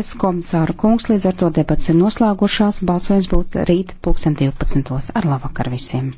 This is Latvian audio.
Es komisāru kungs, līdz ar to debats ir noslēgušās, balsojums būtu rīt 2012. ar labvakar visiem!